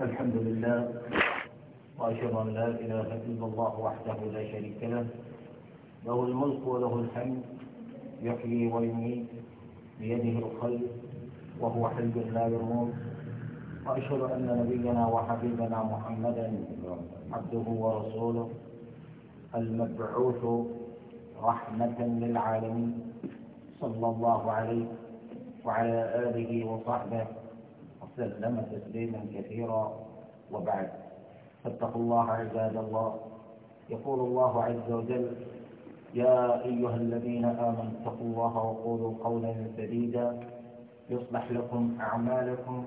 الحمد لله وأشهد أن لا إله إلا الله وحده لا شريك له له الملك وله الحمد يحيي ويميت بيده الخير وهو حي لا يموت وأشهد أن نبينا وحبيبنا محمدا عبده ورسوله المبعوث رحمة للعالمين صلى الله عليه وعلى آله وصحبه سلم تسليما كثيرا وبعد فاتقوا الله عباد الله يقول الله عز وجل يا أيها الذين آمنوا اتقوا الله وقولوا قولا سديدا يصلح لكم أعمالكم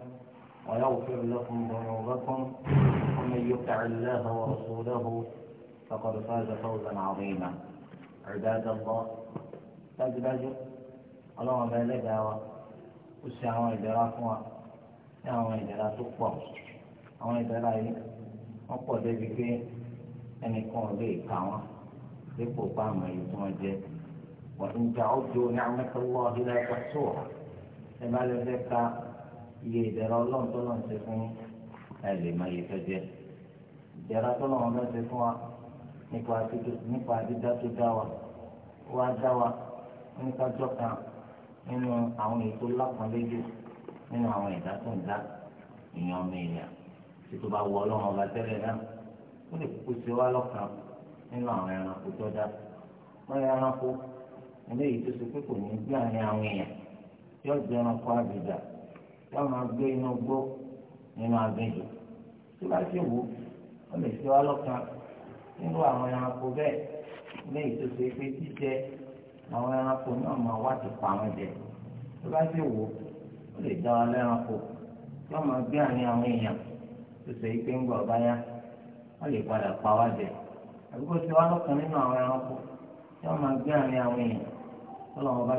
ويغفر لكم ذنوبكم ومن يطع الله ورسوله فقد فاز فوزا عظيما عباد الله فاز ọlọ́run اللهم ẹlẹ́dàá wa ó ṣe ní àwọn ìdára tó pọ̀ àwọn ìdára yìí wọ́n pọ̀ débi pé ẹnìkan ò lè kà wọ́n dípò bá àmọ́ èyí tí wọ́n jẹ́ wọ́n ń jà ó do ní amẹ́kọ́lọ́ ìlà ẹ̀kọ́ tó wà ẹ bá lè fẹ́ ka iye ìdára ọlọ́run tó lọ́n ṣe fún ẹ lè má yẹ fẹ́ ìdára tó lọ́n lọ́n ṣe fún wa nípa dídá tó dá wa wá dá wa nípa jọ́ka nínú àwọn ètò lápọ̀lẹ́jù. nínú àwọn ìdá tó ń dá ìyàn ọmọ èèyàn tí tó bá wọ ọlọ́run ọba tẹ́lẹ̀ náà ó lè kúkú sí wa lọ́kàn nínú àwọn ẹranko tó dá wọ́n yẹ ẹranko eléyìí tó ṣe pé kò ní gbé àárín àwọn èèyàn yóò jẹ ẹranko àbìdà yóò máa gbé inú gbó nínú abẹ́jọ tó bá ó lè sí wa lọ́kàn nínú àwọn ẹranko bẹ́ẹ̀ eléyìí tó ó lè dá wa lẹ́ranko yóò máa gbé àárín àwọn èèyàn tó ṣe ike ń gbọ́ ọ̀bá yá wọ́n lè padà pa wá jẹ lọ́kàn nínú àwọn ẹranko yóò àwọn èèyàn tó lọ́wọ́ bá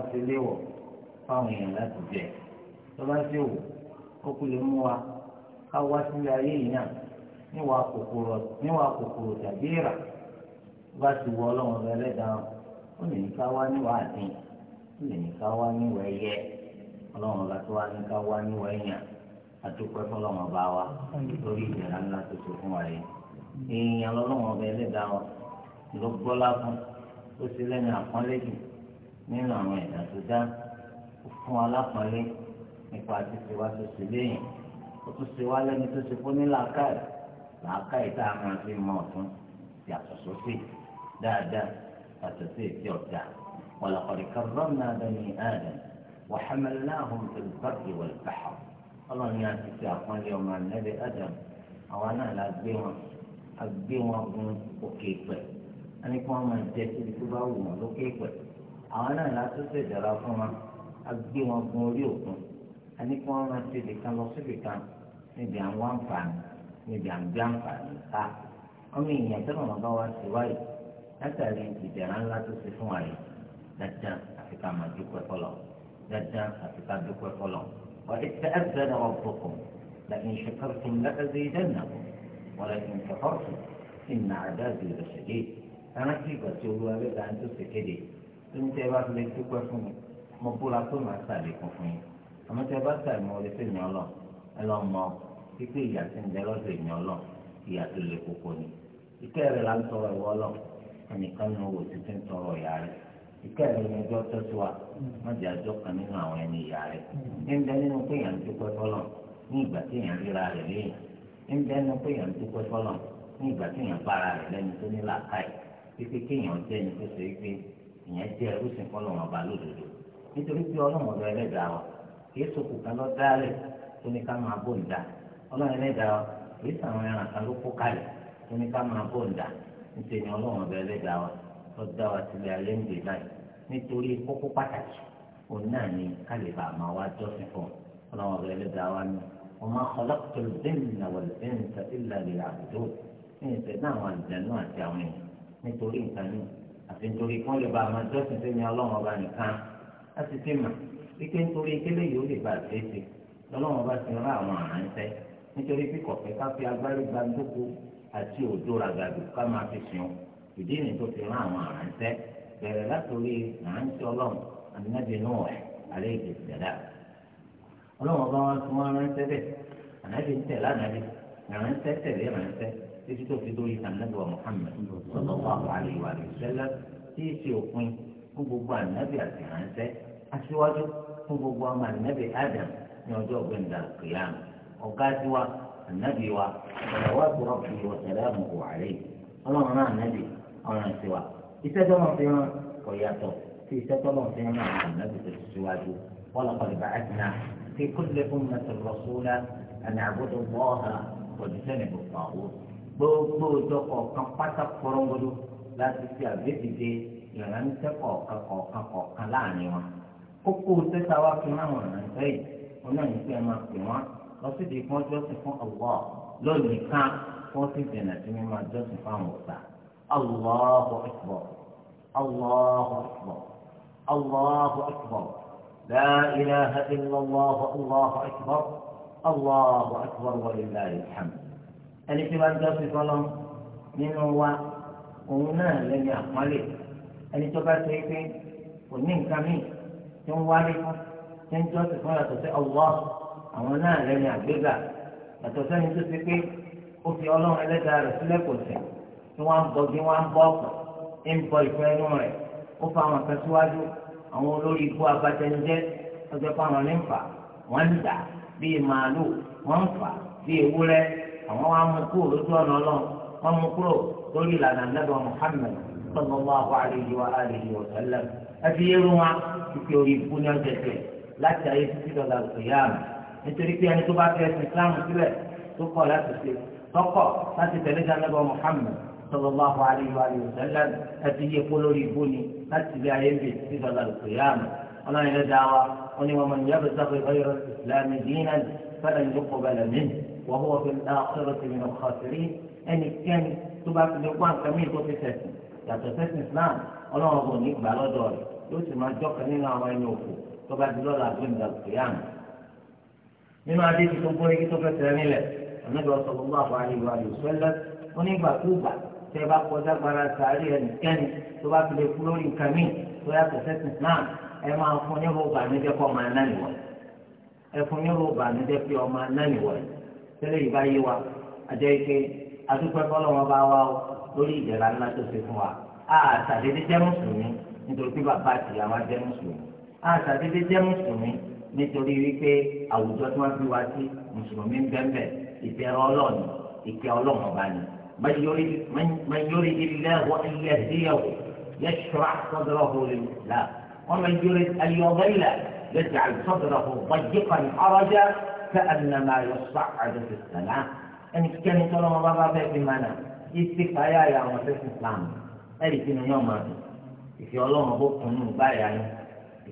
láti jẹ tó bá wò wa ká wá sílé ayé yìí kòkòrò tàbí ìrà tó bá ti wọ ó lè ní ká wá níwà àdín ó lè ní ká ọlọ́run ọba tó wá ní ká wá níwọ̀ èèyàn àdúpẹ́ fún ọlọ́run ọba wa lórí ìdẹ̀ra ńlá tó so fún wa yìí èèyàn lọ́lọ́run ọba ẹlẹ́dàá wa ló gbọ́lá fún ó sì lẹ́nu àpọ́nlé jù nínú àwọn ẹ̀dá tó dá fún alápọ̀nlé nípa títí wá tó sì léyìn ó tún ṣe wá lẹ́ni tó ṣe fún ní làákàyè làákàyè tá a máa mọ ọ̀tún yàtọ̀ sósì dáadáa yàtọ̀ sí èsì ọ̀dà wàlàkọ̀dì kàrọ́ọ̀nà bẹ́ẹ̀ ni áàdàmù وحملناهم في البر والبحر الله يعطيك أقوال يوم النبي أدم أو أنا لا أبيهم أبيهم وكيف أنا كمان ما جيت لتباوهم وكيف أو أنا لا تسجل أفهم أبيهم وكيف أنا كمان ما جيت لتباوهم níbi àwọn àǹfààní níbi àǹbí àǹfààní ká ọmọ èèyàn tó lọ́nà bá wá sí لا látàrí ìdẹ̀ra ńlá tó ṣe fún wa dandan àti ká dúpẹ́ fọlọ́ wà á ti ẹ̀sẹ̀ náà wọ́n tó kàn lẹ́yìn ṣẹkọ̀rọ̀ tó ń lẹ́kẹ̀dẹ́ ìdẹ́ nà wọ́n lẹ́yìn ṣẹkọ̀rọ̀ tó ti nà àdá ìdílé ṣẹ̀dẹ́ rántí ìgbà tí olúwa rẹ̀ dá ń tó ṣe kéde tó ń tẹ́ bá fi lè dúpẹ́ fún mi mo búra pé màá sàlẹ̀ kún fún yín àmọ́ tẹ́ bá sàlẹ̀ mo lè fẹ́ mi ọlọ́ ẹ lọ mọ pípé ìyá ti ń bẹ lọ́dọ̀ èmi ọlọ́ ìyá tó lè koko ni ìkẹ́ la ń tọrọ ìwọ ọlọ́ ẹnìkan ní owó tuntun tọrọ ìyá rẹ̀ ìkẹrẹ yẹn jọ tọ́jú wa má jẹ́ àjọ kan nínú àwọn ẹni ìyá rẹ̀ ń bẹ nínú pé yàn ń dúpẹ́ fọlọ́ ní ìgbà tí yàn ríra rẹ̀ léyìn ń bẹ nínú pé yàn ń dúpẹ́ fọlọ́ ní ìgbà tí yàn bára rẹ̀ lẹ́ni tó ní làákàyè pípé kéèyàn jẹ́ ẹni tó ṣe pé ìyẹn jẹ́ ẹrúsìn fọlọ́ wọn bá lódodo nítorí pé ọlọ́run ọ̀dọ́ ẹlẹ́dàá wa kì í sọkù kan lọ ọ̀dà àtìlẹ̀ ayé ń gbè báyìí nítorí kókó pàtàkì òun náà ni kálíbà máa wá jọ́sìn fún ọlọ́run ọ̀rẹ́ ẹlẹ́dàá wa ni wọ́n máa kọ́ lọ́kùtù lẹ́yìn àwọn ẹ̀yìn ìtàkìlá ìlà àbùdó ní ìfẹ́ náà àwọn àjẹnú àti àwọn èèyàn nítorí nǹkan ní àti nítorí kí wọ́n lè bá máa jọ́sìn fún mi ọlọ́run ọba nìkan láti fi mà wípé nítorí kílẹ̀ yìí ó lè bá àṣeyṣe lọ́lọ́run ọba ti rán àwọn àránṣẹ́ nítorí kíkọ̀fẹ́ ká fi agbárí ìdí ni tó fi rán àwọn àránṣẹ́ bẹ̀rẹ̀ látòrí àránṣẹ́ ọlọ́run ànábì Nuh alẹ́ ìdẹ̀sẹ̀dá ọlọ́run ọba wọn tún aránṣẹ́ bẹ̀ ànábì ń tẹ̀lé ànábì àránṣẹ́ tẹ̀lé àránṣẹ́ títí tó fi dórí ànábì wa Muhammad sallallahu alaihi wa sallam tí ì ṣe òpin fún gbogbo ànábì àti àránṣẹ́ aṣíwájú fún gbogbo ọmọ ànábì Adam ní ọjọ́ ọ̀gbẹ́ndà kìláàmù ọ̀gá tiwa ànábì wa ọ̀rọ̀ wa tó rọ̀ ọ̀ràn sí wa iṣẹ́ tó lọ́n fi hàn kò yàtọ̀ sí iṣẹ́ tó lọ́n fi hàn àwọn ànábì tó ti síwájú wọ́n lọ́kọ̀ lè bá àjìnà fi kulli ummatin rasula an a'budu Allaha wa jtanibu at-taghut gbogbo ìjọkọ̀ kan pátá kọ́rọ́mọdó láti fi àgbédìde ìrànlẹ́ kọ̀ọ̀kan kọ̀ọ̀kan kọ̀ọ̀kan láàrin wọn kókó sẹ́ta wá fi hàn wọn àǹtẹ́ yìí wọn náà ní pé ẹ máa الله أكبر الله أكبر الله أكبر لا إله إلا الله الله أكبر الله أكبر ولله الحمد الاتباع الدرس صلى من هو قمنا لم يحمله الاتباع سيفين ومن كمين ثم وارفة ثم جرس صلى الله أمنا لم يعبده فتسي تسي في أفي الله إلى دار سلك وسلك tí wọ́n ń bọ́ bí wọ́n ń bọ́ ọ̀pọ̀ ń bọ ìfẹ́ inú rẹ̀ ó fa àwọn kan síwájú àwọn olórí ikú abatẹnijẹ́ ọjọ́ fáwọn ní nfa wọ́n ń dà bíi màálù wọ́n ń fà bíi ewúrẹ́ àwọn wa mú kúrò lójú ọ̀nà ọlọ́run wọ́n mú kúrò lórí ìlànà nẹ́bà Muhammad sallallahu alayhi wa alihi wa sallam ẹbí yẹ́rù wa kíkẹ́ orí ikú ní ọjọ́ ìfẹ́ láti ayé títí dọ̀là òkèèyàn nítorí pé ẹni tó bá fẹ́ ẹ̀sìn Islam sílẹ̀ tó kọ̀ láti tẹ̀lé ìlànà nẹ́bà Muhammad صلى الله عليه وآله وسلم iye kó lórí ibú ni láti القيامة ayé bè sí dọ́là ìkòyàmù ọlọ́run ilé dáwà ó ní wọn mọ̀ níyàbò sáfì ọyọrọ ìsìlámì dínà fẹ́lẹ̀ ní kò bẹ̀rẹ̀ mí wọ́n wọ́n fi ọ̀ṣọ́rọ̀ tèmi nà kọ̀ọ̀sìrí ẹnikẹ́ni tó bá fi lè kó àǹkà mí ìkó ti tẹ̀sìn yàtọ̀ sẹ́sìn Islam ọlọ́run kò ní gbà lọ́dọ̀ rẹ̀ yóò sì máa jọ́kàn nínú àwọn ẹni òkú tó bá di lọ́la àgbẹ̀ǹdà kìyàmù nínú adé ti tó gbóríkí tó fẹsẹ̀ nílẹ̀ ọ̀nàdọ̀ sọ̀rọ̀ wà wà ní ìwà yòó sẹ́lẹ̀ onígbàkúgbà tẹ́ bá kọjá gbára sàárì ẹnikẹ́ni tó bá fi lè kú lórí nǹkan míì tó yàtọ̀ sẹ́sìn náà ẹ máa fún ní ọba ànújẹ́ kọ́ ọmọ anáyìn wọ̀ ẹ fún ní ọba ànújẹ́ pé ọmọ anáyìn wọ̀ tẹ́lẹ̀ yìí bá yé wa àjẹ́ ike adúpẹ́ fọlọ́wọ́n bá wá o lórí ìjẹ̀rà ńlá tó ṣe fún wa àtàdédé jẹ́ mùsùlùmí nítorí pé bàbá àtìyàwó jẹ́ mùsùlùmí àtàdédé jẹ́ mùsùlùmí nítorí wípé àwùjọ tí wọ́n fi wá sí mùsùlùmí bẹ́ẹ̀ bẹ́ẹ̀ ìbẹ̀rẹ̀ ọlọ́ọ̀ni ìkẹ́ ọlọ́ọ̀n ọba ni من يريد, من من يريد الله أن يهديه يشرع صدره للإسلام ومن يريد أن يضل يجعل صدره ضيقا حرجا كأنما يصعد في السماء أن كان ترى مرة في إيمانا استفايا يا مسيح الإسلام أي كنا يوم هذا في الله مبوك من مبايعين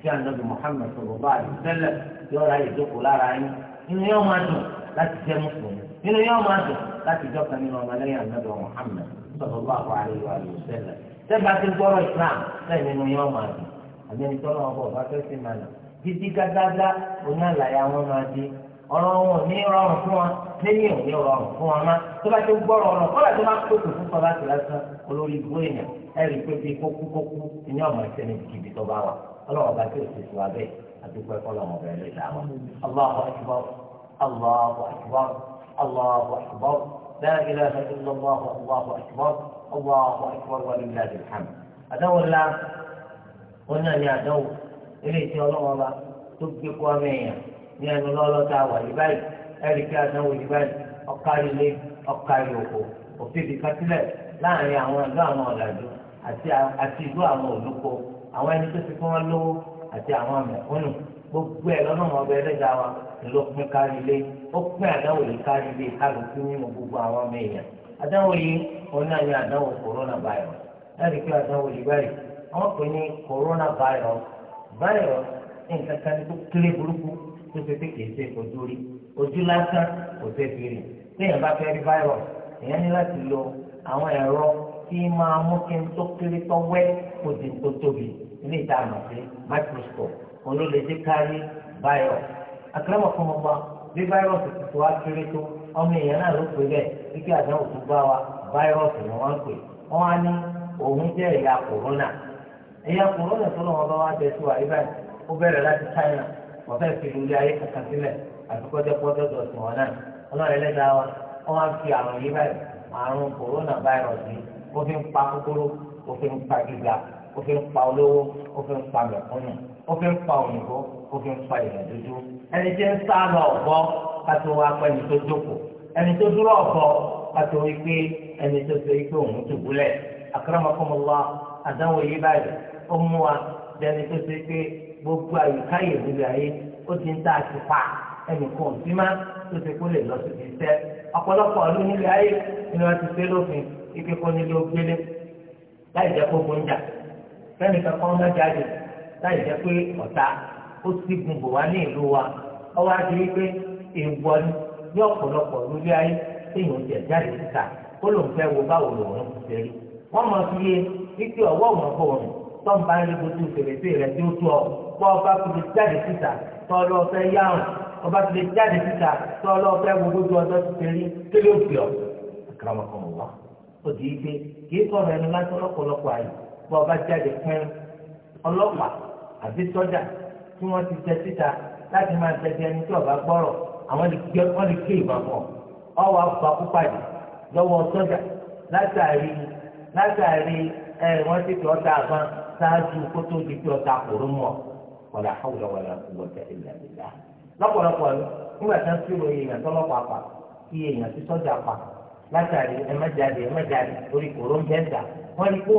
في النبي محمد صلى الله عليه وسلم يرى يدوك لا رأيين إن يوم هذا لا تسير مسلم يوم هذا láti jọ́ kan nínú ọmọlẹ́yìn àgbẹ̀dọ̀ Muhammad sallallahu alaihi wa sallam sẹ́gbà tí gbọ́rọ̀ Islam bẹ́ẹ̀ nínú yẹn ọmọ àdì àmì ẹni tọ́lọ́ ọkọ̀ ọba fẹ́ sí mànà títí gágágá oní àlàyé àwọn máa di ọ̀rọ̀ wọn ò ní rọrùn fún wọn níní ò ní rọrùn fún wọn má tó bá ti gbọ́rọ̀ ọ̀rọ̀ kọ́lá tó bá pèsè fún sọlá ti lásán olórí ìgbó èèyàn ẹ̀rí pé bí kókúkókú ní ọmọ ìsẹ́ni kìbì tó bá wà ọlọ́wọ́ bá tí ò sì fún wa bẹ́ẹ̀ àdúgbò ẹ̀kọ́ lọ́mọ bẹ̀rẹ̀ lè dà wọ́n. Allahu akbar Allahu akbar Allahu akbar. لا إله إلا الله الله أكبر الله أكبر ولله الحمد أدو الله قلنا يا دو إليك يا الله تبقى ومية لأن الله تعالى يبالي أريك أدو يبالي أقاري لي أقاري أخو òfin ìdíkàsílẹ̀ láàrin àwọn ìlú àwọn ọ̀làjú جو ìlú àwọn olùkọ́ àwọn ẹni tó ti fún wọn lówó àti àwọn mẹ̀kúnnù gbogbo ló pín kárí ilé ó pín àdáwò yìí kárí ilé kálukú nínú gbogbo àwọn ọmọ èèyàn àdáwò yìí òun náà ní àdáwò corona virus láti pé àdáwò yìí báyìí wọ́n pè ní corona virus virus nǹkan kan tó kéré burúkú tó ṣe pé kìí ṣe ojú rí ojú lásán kò ṣe fi rìn téèyàn bá fẹ́ rí virus èèyàn ní láti lo àwọn ẹ̀rọ tí máa mú kí n tó kéré tó wẹ́ kó di tó tóbi ilé ìdáná sí microscope olólejé kárí virus akramakumullah bí fáírọ́ọ̀sì ti tó wá kéré tó ọmọ èèyàn náà ló pè bẹ́ẹ̀ kíkẹ́ àdánwò tó gbá wa fáírọ́ọ̀sì ni wọ́n ń pè wọ́n á ní òun jẹ́ ẹ̀yà kòrónà ẹ̀yà kòrónà tó lọ́wọ́ bá wá bẹ sí wa ibà ó bẹ̀rẹ̀ láti China wọ́n fẹ́ẹ́ fi lulẹ̀ ayé kankan sílẹ̀ àtikọ́jẹ́ pọ́jọ́dọ̀ sí wọn náà ọlọ́run ẹlẹ́dàá wa wọ́n wá fi àrùn yìí báyìí àrùn kòrónà fáírọ́ọ̀sì ó fi ń pa kúkúrú ó fi ń pa gíga ó fi ń pa olówó ó fi ń pa mẹ̀kúnnù o fi ń pa òyìnbó o fi ń pa ìrìn dúdú ẹni tí ń sá lọ ọ̀bọ kátó wá pẹ́ ẹni tó jókòó ẹni tó dúró ọ̀bọ kátó wí pé ẹni tó ṣe pé òun dùbúlẹ̀ akramakumullah àdánwò yìí báyìí ó mú wa dẹni tó ṣe pé gbogbo àyíká ìrìnlẹ̀ ayé ó ti ń tà sí pa ẹnìkan sí má tó ṣe kó lè lọ sí ti tẹ́ ọ̀pọ̀lọpọ̀ ọdún nílé ayé ni wọ́n ti ṣe lófin ike kó nílé ó gbélé láì jẹ́ kó gbóúnjà fẹ́nìkan kan mọ́ jáde láì jẹ́ pé ọ̀tá ó sì gun bò wá ní ìlú wa ọwọ́ àti wípé èèwọ̀ ní ọ̀pọ̀lọpọ̀ lórí ayé téèyàn jẹ jáde síta ó lòun fẹ́ wo báwo lòun ń fẹ́ rí wọ́n mọ̀ sí iye wípé ọwọ́ wọn kò wọ̀n tó ń bá ń lébo tó fèrèsé rẹ̀ tí tó ọ bọ́ ọba kò lè jáde síta tó ọ lọ fẹ́ yáhùn ọba kò lè jáde síta tó ọ lọ fẹ́ wo gbogbo ọjọ́ ti fẹ́ rí kélé òbí ọ àkàràmọ̀kọ̀ wà ó di ipe kì í sọ̀rọ̀ ẹni lásán lọ́pọ̀lọpọ̀ àyè bọ́ ọba jáde pẹ́ẹ́n ọlọ́pàá àbí sọ́jà tí wọ́n ti tẹ síta láti máa tẹ̀sí ẹni tí ọ̀gá gbọ́rọ̀ àwọn lè ké ìbọn ọ ọwọ́ àfọ̀fà púpà jù lọ́wọ́ sọ́jà látàrí látàrí ẹ wọ́n ti ta àgbọn kó tó di pé ọta lọ́pọ̀lọpọ̀ nígbà tí wọ́n ti èèyàn tọ́lọ́pàá èèyàn ti sọ́jà pa látàrí ẹ̀mẹ́jáde ẹ̀mẹ́jáde orí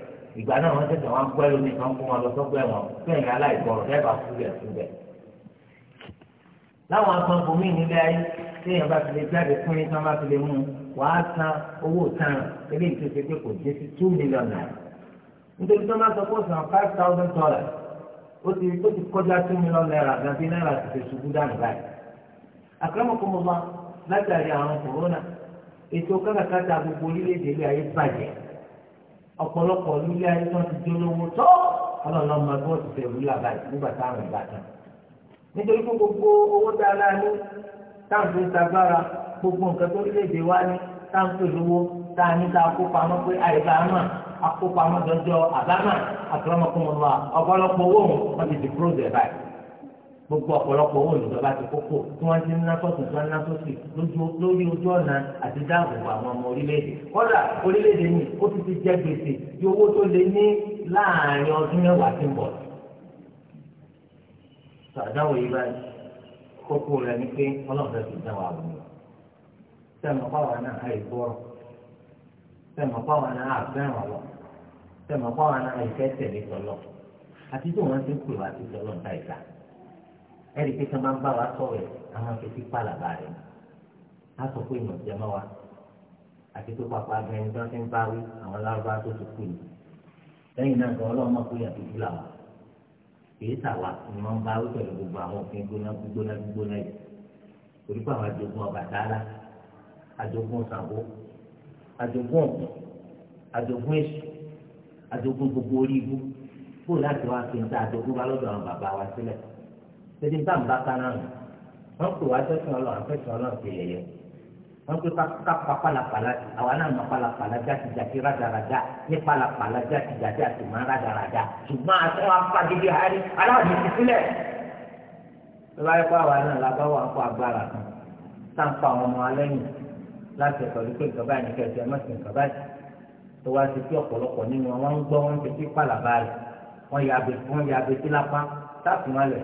ìgbà náà wọ́n tẹ̀sán wọn gbẹ́ lómi kan fún wọn lọ sọ́gbẹ́ wọn bẹ́ẹ̀ ni aláìgbọràn lẹ́bàá fúlẹ̀ fúlẹ̀. láwọn akọ̀ǹkọ̀ míì nílé ayé téèyàn bá ti lè jáde fún yín tán bá ti lè mú un wàá san owó tán eléyìí tó ṣe pé kò dé sí two million naira. nítorí tó máa sọ pé ó san five thousand dollars ó ti ó ti kọjá two million naira gàdí náírà ti fi ṣubú dànù báyìí. àkàràmọ̀kọ́mọ́ bá látàrí àrùn kòrónà ètò káràkátà gbogbo orílẹ̀-èdè ilé ayé bàjẹ́ ọ̀pọ̀lọpọ̀ lórí ayé tí wọ́n ti di olówó tọ́ ọlọ́run ọmọ ẹgbẹ́ òsì fẹ́ wúlò àbáyé nígbà táwọn ìgbà tán nítorí pé gbogbo owó tá a lá ní ń sagbára gbogbo nǹkan tó léde wá ní táǹpì lówó tá a ní ká kó pé àìbá náà akópamọ́ dọ́jọ́ àbámà àti wa ọ̀pọ̀lọpọ̀ owó wọn ti di gbogbo ọ̀pọ̀lọpọ̀ owó olùjọba ti kókó tí wọ́n ti ń ná sọ́tún tí wọ́n ná sósì lórí ojú ọ̀nà àti dáàbòbò àwọn ọmọ orílẹ̀-èdè kọ́dà orílẹ̀-èdè ní ó ti ti jẹ gbèsè bí owó tó lé ní láàárín ọdún mẹ́wàá ti ń bọ̀. sàdáwò yìí báyìí kókó rẹ̀ ni pé ọlọ́run ti dá wa wò ó náà àìgbọ́rọ̀ sẹ́mi náà àfẹ́ràn ọ̀lọ́ sẹ́mi ẹ̀rí pé sọ́n máa ń bá wa sọ̀rọ̀ ẹ̀ àwọn akẹ́kẹ́ pàlàbà rẹ̀ á sọ pé ìmọ̀ jẹ́ mọ́ wa àti tó papọ̀ abẹ́ ẹni tó ń fi ń báwí àwọn lárúbá tó ti kú yìí lẹ́yìn náà gan ọlọ́run máa kó yàn tó dúlà wa èyí tà wá ni wọ́n ń báwí pẹ̀lú gbogbo àwọn òfin gbóná gbígbóná gbígbóná yìí torí pé àwọn àjogún Ọbàtálá àjogún Ṣàngó àjogún Ògún àjogún Èṣù àjogún gbogbo orí ibú kó láti wá fi ń ta àjogún bá lọ́dọ̀ àwọn bàbá wa sílẹ̀ tètè ń tàǹbà kaná nù wọn pè wá sẹsìn Ọlọ́run sẹsìn Ọlọ́run ti yẹyẹ wọn pè kápá pàlàpàlà àwa náà mọ pàlàpàlà jákèjádé rádaràdá ní pàlàpàlà jákèjádé àti máa rádaràdá ṣùgbọ́n àti wọn fagidi hari aláàbò ti sílẹ̀ lọ́wọ́ ẹ̀kọ́ àwa náà lábá wà kó agbára kan táǹpà àwọn ọmọ alẹ́yìn láti ẹ̀kọ́ wípé nǹkan báyìí ní kẹsì ẹ̀mọ́sìn nǹkan báyìí tó wá sí pé ọ̀pọ̀lọpọ̀ nínú wọn ń gbọ́ wọn ti fi pàlàbà rẹ̀ wọ́n ya abẹ lápá táàpù wọn lẹ̀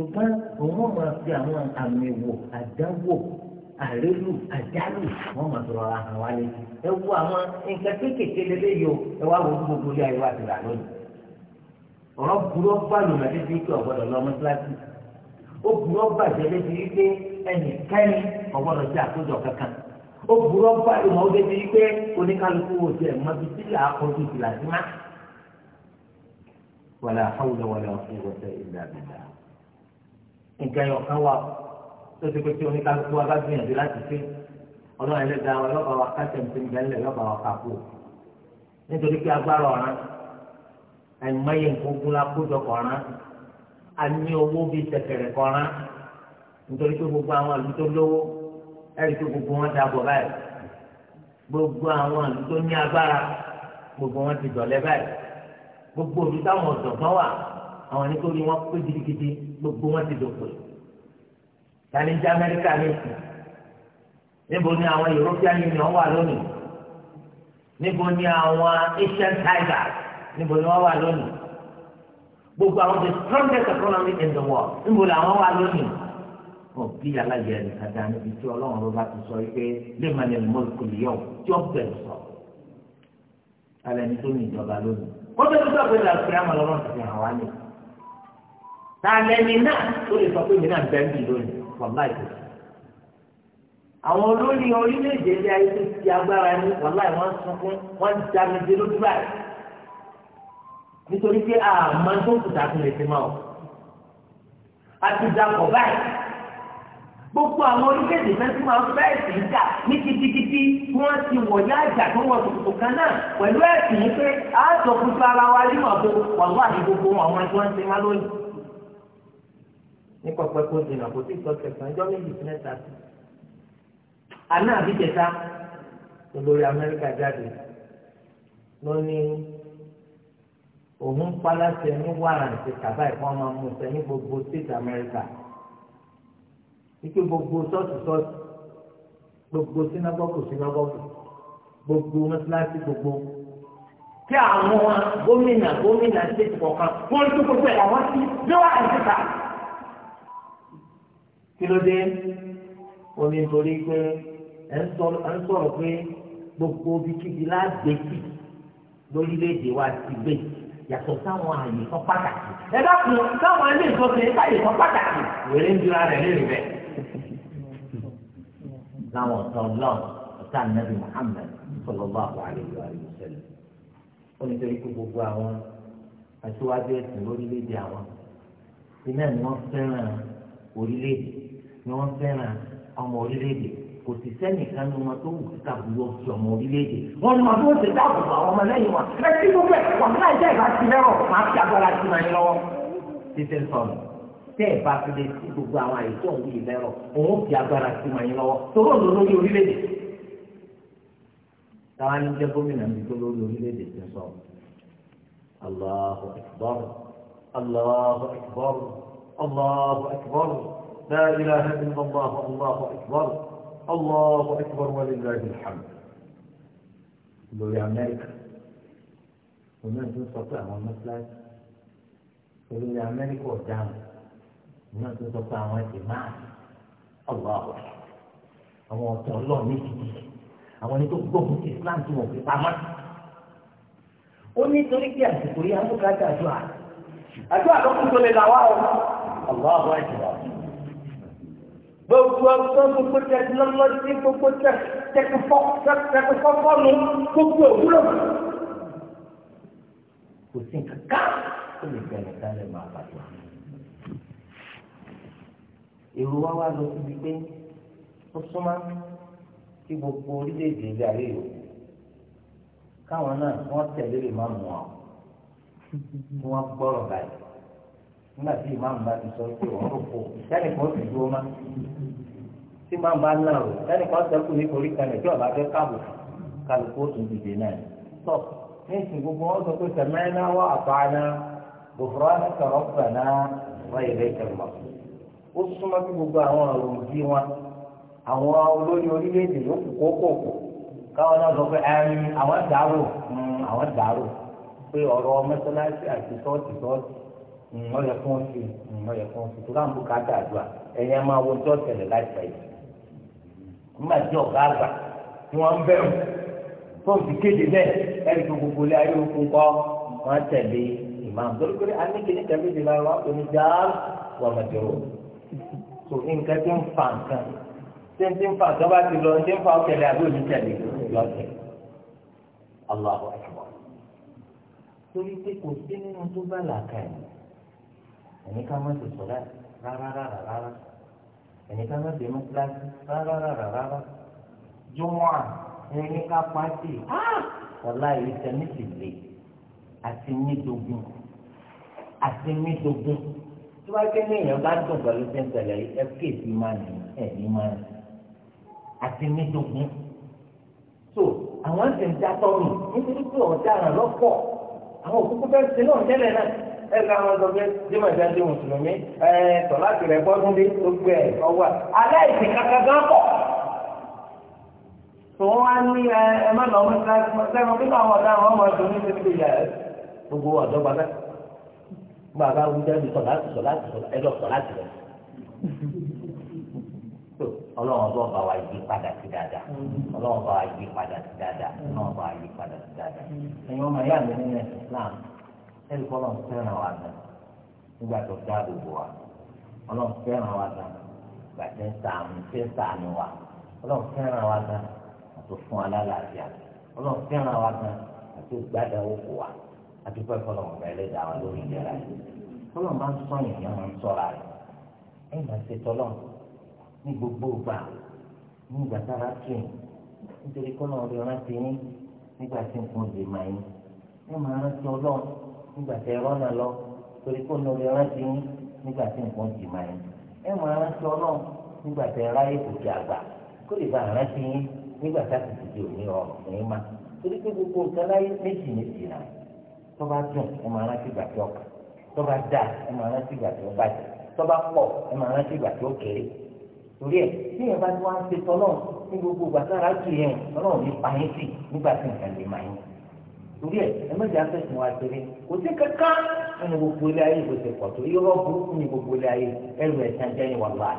ṣùgbọ́n òun wọn máa fi àwọn àmì wò àdánwò àrélù àjálù wọn máa sọ̀rọ̀ àhàn wa lé ẹ wo àwọn nǹkan kéékèèké lélẹ́ yìí o ẹ wá wo gbogbo ilé ayé wa ti rà lónìí ọ̀rọ̀ burú bàlù náà débi pé ọ̀gbọ́dọ̀ lọ mọ́tíláṣí ó burú bàjẹ́ débi pé ẹnì kẹ́ni ọ̀gbọ́dọ̀ jẹ́ àkójọ kankan ó burú bàlù náà ó débi pé oníkálukú wo jẹ́ mọ́bí sílẹ̀ àkọ́jú ìlàjúmá wàlà hàwùlẹ̀ wàlà ọ̀fẹ́ wọ́tẹ́ ìlà nǹkan ẹ̀yọ̀ kan wà tó ti pé tí oníkálukú wa bá gbìyànjú láti ṣe ọlọ́run ẹlẹ́dàá wa yọ̀bà wa káṣẹ̀ ní ìgbẹ́lẹ̀ yọ̀bà wa kàkó nítorí pé agbára ọ̀ràn àìmọye nǹkan ogun la kó jọkọ̀ ọ̀ràn a ní owó bíi tẹ̀kẹ̀rẹ̀ kọ̀ọ̀ràn nítorí pé gbogbo àwọn àlù tó lówó ẹ̀rí pé gbogbo wọn dàbọ̀ báyìí gbogbo àwọn àlù tó ní agbára gbogbo wọn ti dọ̀lẹ́ báyìí gbogbo òdútàwọn ọ̀dọ̀gbọ́n wà àwọn ẹni tó ní wọn pé gidigidi gbogbo wọn ti dòkò tani jẹ amẹríkà ní ìsìn níbo ni àwọn european union wà lónìí níbo ni àwọn asian tigers níbo ni wọn wà lónìí gbogbo àwọn the strongest economy in the world níbo ni àwọn wà lónìí wọn bí alájẹ ẹnìkan dá níbi tí ọlọ́run ló bá ti sọ yìí pé lèmọ̀nì mọ́lùkù yọ̀ tí ó bẹ̀rù sọ alẹ́ ní tó ní ìjọba lónìí wọ́n bẹ̀rù sọ pé làkúrẹ́ àmọ́ lọ́rùn ti fi hàn wá ta lẹni náà tó lè sọ pé mi náà bẹ́ẹ̀ bì lónìí wàlá ìlú. àwọn olórí orílẹ̀-èdè ilé ayé tó ti agbára ẹni wàlá ìwọ́n ń sọ fún wọ́n ń dá mi dé lójú báyìí. nítorí pé àmọ́ tó kù tá a tún lè fi máa ọ̀. a ti dàpọ̀ báyìí. gbogbo àwọn orílẹ̀-èdè náà tí wọ́n fẹ́ ẹ̀sìn jà ní kitikiti tí wọ́n ti wọ̀ ní àjà tó wọ̀ tuntun kan náà pẹ̀lú ẹ̀sìn pé a sọ fún ní pọpẹ kó dènà kò sí ìtọ́ kẹsàn-án ẹjọ́ méjì sí mẹ́ta sí. àná àbíjẹta olórí amẹ́ríkà jáde ló ní òun paláṣẹ ní wàràǹtì tàbá ìfọ́n máa mú sẹ ní gbogbo state amẹ́ríkà ike gbogbo ṣọ́ọ̀ṣì ṣọ́ọ̀ṣì gbogbo sinagogu sinagogu gbogbo mọ́sálásí gbogbo kí àwọn gómìnà gómìnà state kọ̀ọ̀kan wọ́n tún gbogbo ẹ̀ àwọn sí lọ́wọ́ àìsíta kí ló dé ó ní torí pé ẹ ń sọ̀rọ̀ pé gbogbo bíkíbi láàgbé sí lórílẹ̀‐èdè wa ti gbé yàtọ̀ sáwọn àyè kan pàtàkì ẹ dákun sáwọn ilé ìjọsìn nípa àyè kan pàtàkì wèrè ń dira rẹ̀ lérè bẹ́ẹ̀. láwọn ọ̀tọ̀ náà ọ̀tá nàbì Muhammad sallallahu alaihi wa sallam ó ní torí pé gbogbo àwọn aṣíwájú ẹ̀sìn lórílẹ̀ àwọn iná ni wọ́n fẹ́ràn orílẹ̀-èdè ni wọ́n fẹ́ràn ọmọ orílẹ̀-èdè kò sì sẹ́nìkan ní wọn tó wù kíkà búrọ́ sí ọmọ orílẹ̀-èdè wọ́n ní wọn tó ń ṣe dáàbò bò àwọn ọmọ lẹ́yìn wọn ẹ tí gbogbo ẹ̀ wọ́n náà jẹ́ ìbá ti lẹ́rọ̀ máa fi agbára sí máa ń lọ́wọ́ títí ń sọnù tẹ́ ẹ̀ bá fi lè sí gbogbo àwọn àìsí òun yìí lẹ́rọ̀ òun fi agbára sí máa ń lọ́wọ́ toró ló lórí orílẹ̀-èdè táwa ní jẹ́ gómìnà mi tó lórí orílẹ̀ ti sọ Allahu Akbar Allahu Akbar Allahu Akbar لا إله إلا الله الله أكبر الله أكبر ولله الحمد لو أمريكا ومن تستطيع والمسلك لولا أمريكا قدامك ومن تستطيع والجماعة الله أكبر àwọn ọ̀tọ̀ ọlọ́run ní ti di àwọn ẹni tó gbógun ti Islam tí wọ́n fi pamọ́. ó ní torí pé àsìkò yìí amúkàtà àdúrà àdúrà lọ́kùn tó lè là wá o gbogbo ọgbọ́n gbogbo tẹkinọ́lọ́jì gbogbo tẹkifọ́fọ́nù gbogbo òwúrọ̀ kò sí kankan tó lè bẹ̀rẹ̀ dálẹ̀ máa bàjẹ́. èrò wa wá lọ síbi pé ó súnmọ́ kí gbogbo orílẹ̀-èdè ilé ayé yòó káwọn náà wọ́n tẹ̀lé lè má mú ọ wọ́n gbọ́rọ̀ báyìí nígbà tí ìmáàmù bá ti sọ pé òun rò pò sẹ́nìkan ó sì dúró má tí ìmáàmù bá náà rò sẹ́nìkan sẹ́kù ní orí kan ẹ̀jọ́ bá fẹ́ káàbò kálukú ó tún dìde náà tọ́ ní ìsìn gbogbo wọn sọ pé sẹ̀mẹ́ná wà àbáná gbòfòrò àtẹ̀rọ̀ gbàná wọ́n yẹ lẹ́yìn tẹ̀lé wọn. ó súnmọ́ kí gbogbo àwọn ọ̀rọ̀ òbí wọn àwọn olórí orílẹ̀-èdè yóò kú kókòkò káwọn náà sọ pé àwọn dàrú hmm, àwọn dàrú pé ọ̀rọ̀ mọ́sálásí ọyọ kan sí ọyọ kan sí tó káàmù káàtà àdúrà ẹ̀yin a máa wo ọjọ́ tẹ̀lé láìpẹ́ yìí nígbà tí ọ̀gá àgbà tí wọ́n ń bẹ̀rù tó ń fi kéde bẹ́ẹ̀ ẹ̀rí tó gbogbo ilé ayé òkú kọ́ wọ́n tẹ̀lé ìmáàmù torí pé aníkèéní tẹ̀lé ìdìbò àwọn àtòní dáa wà màjọ̀rọ̀ tó nǹkan tó ń fa nǹkan tí ń ti ń fa tó ti lọ tí ń fa ọ̀tẹ̀lẹ̀ àbí òní tẹ̀lé lọ́tẹ̀ Allahu torí pé kò sí nínú tó bá làákàyè ẹni ká má ti sọ̀dá rárá rárá rárá ẹni ká má ti mú kíláàsì rárá rárá rárá jùmọ̀ à ẹni ká pàṣẹ ọ̀la yìí sẹ́mi sì lè àti nídógún àti nídógún tí wàá ké ní èèyàn bá dùn pẹ̀lú sẹ́ńtẹ̀lẹ̀ ẹ kéèsì máa nì ẹ̀mí máa nì àti nídógún tó àwọn ẹ̀sìn dátọ́ mi nítorí pé ọ̀daràn lọ́pọ̀ àwọn òkúkú fẹ́ẹ́ ṣe náà tẹ́lẹ̀ náà ẹ ká wọn sọ pé jimá ìjà ń di mùsùlùmí ẹ tọ́lá tìrẹ̀ bọ́dún dé gbogbo ẹ̀ ọwọ́ alẹ́ ìsìn kankan gán pọ̀ tòun wá ní ẹ ẹ má lọ mọ́sálásí pé káwọn ọ̀dà àwọn ọmọ ẹ̀sùn ní ti fi yà ẹ́ gbogbo ọ̀dọ́ gbàgbà gbàgbà wúdà ní tọ́lá tìrẹ̀ ẹ̀dọ̀ tọ́lá tìrẹ̀ ọlọ́run bọ́ bá wa yí padà sí dáadáa ọlọ́run bá wa yí padà sí dáadáa ọlọ́run bá wa yí padà sí dáadáa ẹ̀yin ọmọ ìyá mi nínú ẹ̀sìn Islam ẹni kọ́ lọ́n fẹ́ràn wa gan nígbà tó dáàbò bò wa ọlọ́n fẹ́ràn wa gan ìgbà tẹ́ ń sàánú tẹ́ ń sàánú wa ọlọ́n fẹ́ràn wa gan àti fún wa lálàáfíà ọlọ́n fẹ́ràn wa gan àti gbàdáwó kò wa àti pẹ́ kọ́ lọ́n fẹ́ lẹ́dàá wa lórí ìlera yìí ọlọ́n máa ń sọ yìnyín máa ń sọ́ra rẹ̀ ẹ̀yìn máa ṣe tọ́lọ́ ní gbogbo ìgbà ní ìgbà tára tù yín nítorí kọ́ lọ́n rí ọ̀rá nígbà tẹ rọ́nà lọ torí kó nori rántí yín nígbà tí nǹkan jì máa yín ẹ máa rántí ọlọ́run nígbà tẹ ráyè òkè àgbà kó lè bá rántí yín nígbà tá a ti dìde òní rọrùn fún yín má torí pé gbogbo nǹkan láyé méjì méjì náà tó bá dùn ẹ máa rántí ìgbà tí ọkà tó bá dà ẹ máa rántí ìgbà tí ó bàjẹ́ tó bá pọ̀ ẹ máa rántí ìgbà tí ó kéré torí ẹ bí ẹ bá ti wá ń ṣe tọ́lọ́ ní gbogbo ìgbà tára jù yẹn ọlọ́run ní pa yín sí nígbà tí nǹkan lè máa yín torí ẹ ẹ méjì afẹsùn wa ti rí kò sí kankan nínú gbogbo ilé ayé kò sí pọtó yọrọ burúkú ní gbogbo ilé ayé ẹrù ẹ̀sán jẹ́ ni wà láà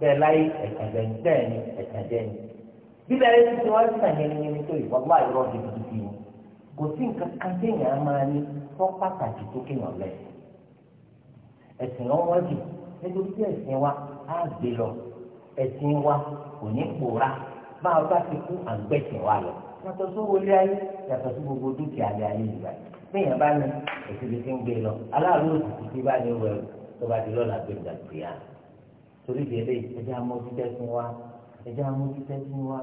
bẹ́ẹ̀ láyé ẹ̀sán jẹ́ ni bẹ́ẹ̀ ni ẹ̀sán jẹ́ ni bíbẹ̀ ayé tuntun wa ti sàn yẹn ní tó ìwà láà yọrọ gidigidi ni kò sí kankan téèyàn máa ní fọ́ pàtàkì tó kéèyàn lẹ̀ ẹ̀sìn lọ́wọ́ jù nítorí tí ẹ̀sìn wa á gbé lọ ẹ̀sìn wa kò ní pòórá bá a bá ti kú àgbẹ̀sìn wa lọ yàtọ̀ sí wọlé ayé yàtọ̀ sí gbogbo dúkìá lé ayé yìí báyìí bẹ́ẹ̀ bá ní èsìlè tí ń gbé lọ aláàrú òsìsì tí bá ní wẹ̀ tó bá di lọ́la gbé ìgbà pè á torí délé ẹjẹ́ amójútẹ́ fún wa ẹjẹ́ amójútẹ́ fún wa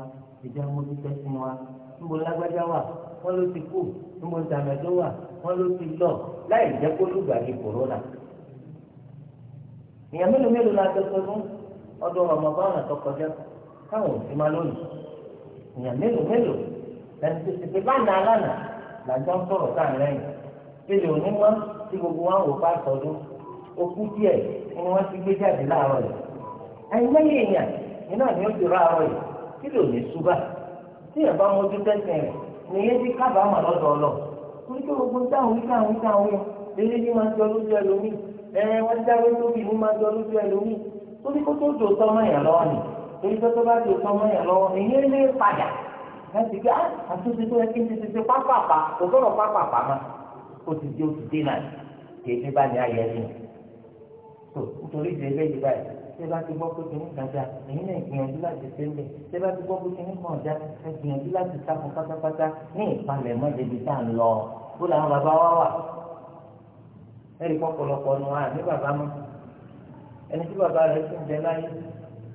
ẹjẹ́ amójútẹ́ fún wa níbo lágbájá wà wọ́n ló ti kú níbo tàmẹ́tò wà wọ́n ló ti lọ láì jẹ́ kó lùgbàdì kòrónà èèyàn mélòó mélòó la tẹ́tọ́ fún ọdún ọmọ báwọn àtọkọjá káwọn ò sí máa lónìí èèyàn mélòó mélòó lẹ́nu tó ti pé lánàá lánàá làjọ ń sọ̀rọ̀ sáà lẹ́yìn ilé òní wọn tí gbogbo wọn wò bá sọdún okú díẹ̀ ni wọ́n ti gbé jáde láàárọ̀ yìí ẹ̀yin lẹ́yìn èèyàn iná ni ó ti rọ àárọ̀ yìí kí lè òní ṣúgà tí èèyàn bá mójú tẹ́sán rẹ̀ ni èyí ti kábàámà lọ́dọ̀ ọlọ torí pé gbogbo táwọn wíkà àwọn wíkà àwọn yẹn lélẹ́ ní máa jọ lójú ẹlòmíì ẹ̀ẹ́ wọ́n dáwé lórí ní máa jọ lójú ẹlòmíì torí kó tó dò sọ́mọ́ yẹn lọ́wọ́ ni torí pé tó bá dò sọ́mọ́ yẹn lọ́wọ́ èyí lé padà láti gbé ah, àtúnṣe tó yẹ kí n ti ṣe pápápá kò sọ̀rọ̀ pápápá mọ́ ó ti di oṣù dé náà kì bá ní ayẹ ẹni tó nítorí ìdè eléyìí báyìí ṣé bá ti gbọ́ pé kìnnì kan dá èyí náà gbìyànjú láti ṣe ń ṣé bá ti gbọ́ pé kìnnì kan dá ẹ gbìyànjú láti sáfún pátápátá ní ìpalẹ̀ mọ́jẹ̀bi tá à ń lọ kó làwọn bàbá wa wà ẹ̀rí pọ̀pọ̀lọpọ̀ nu wa ní bàbá mọ́ ẹni tí bàbá rẹ̀ ti ń jẹ láyé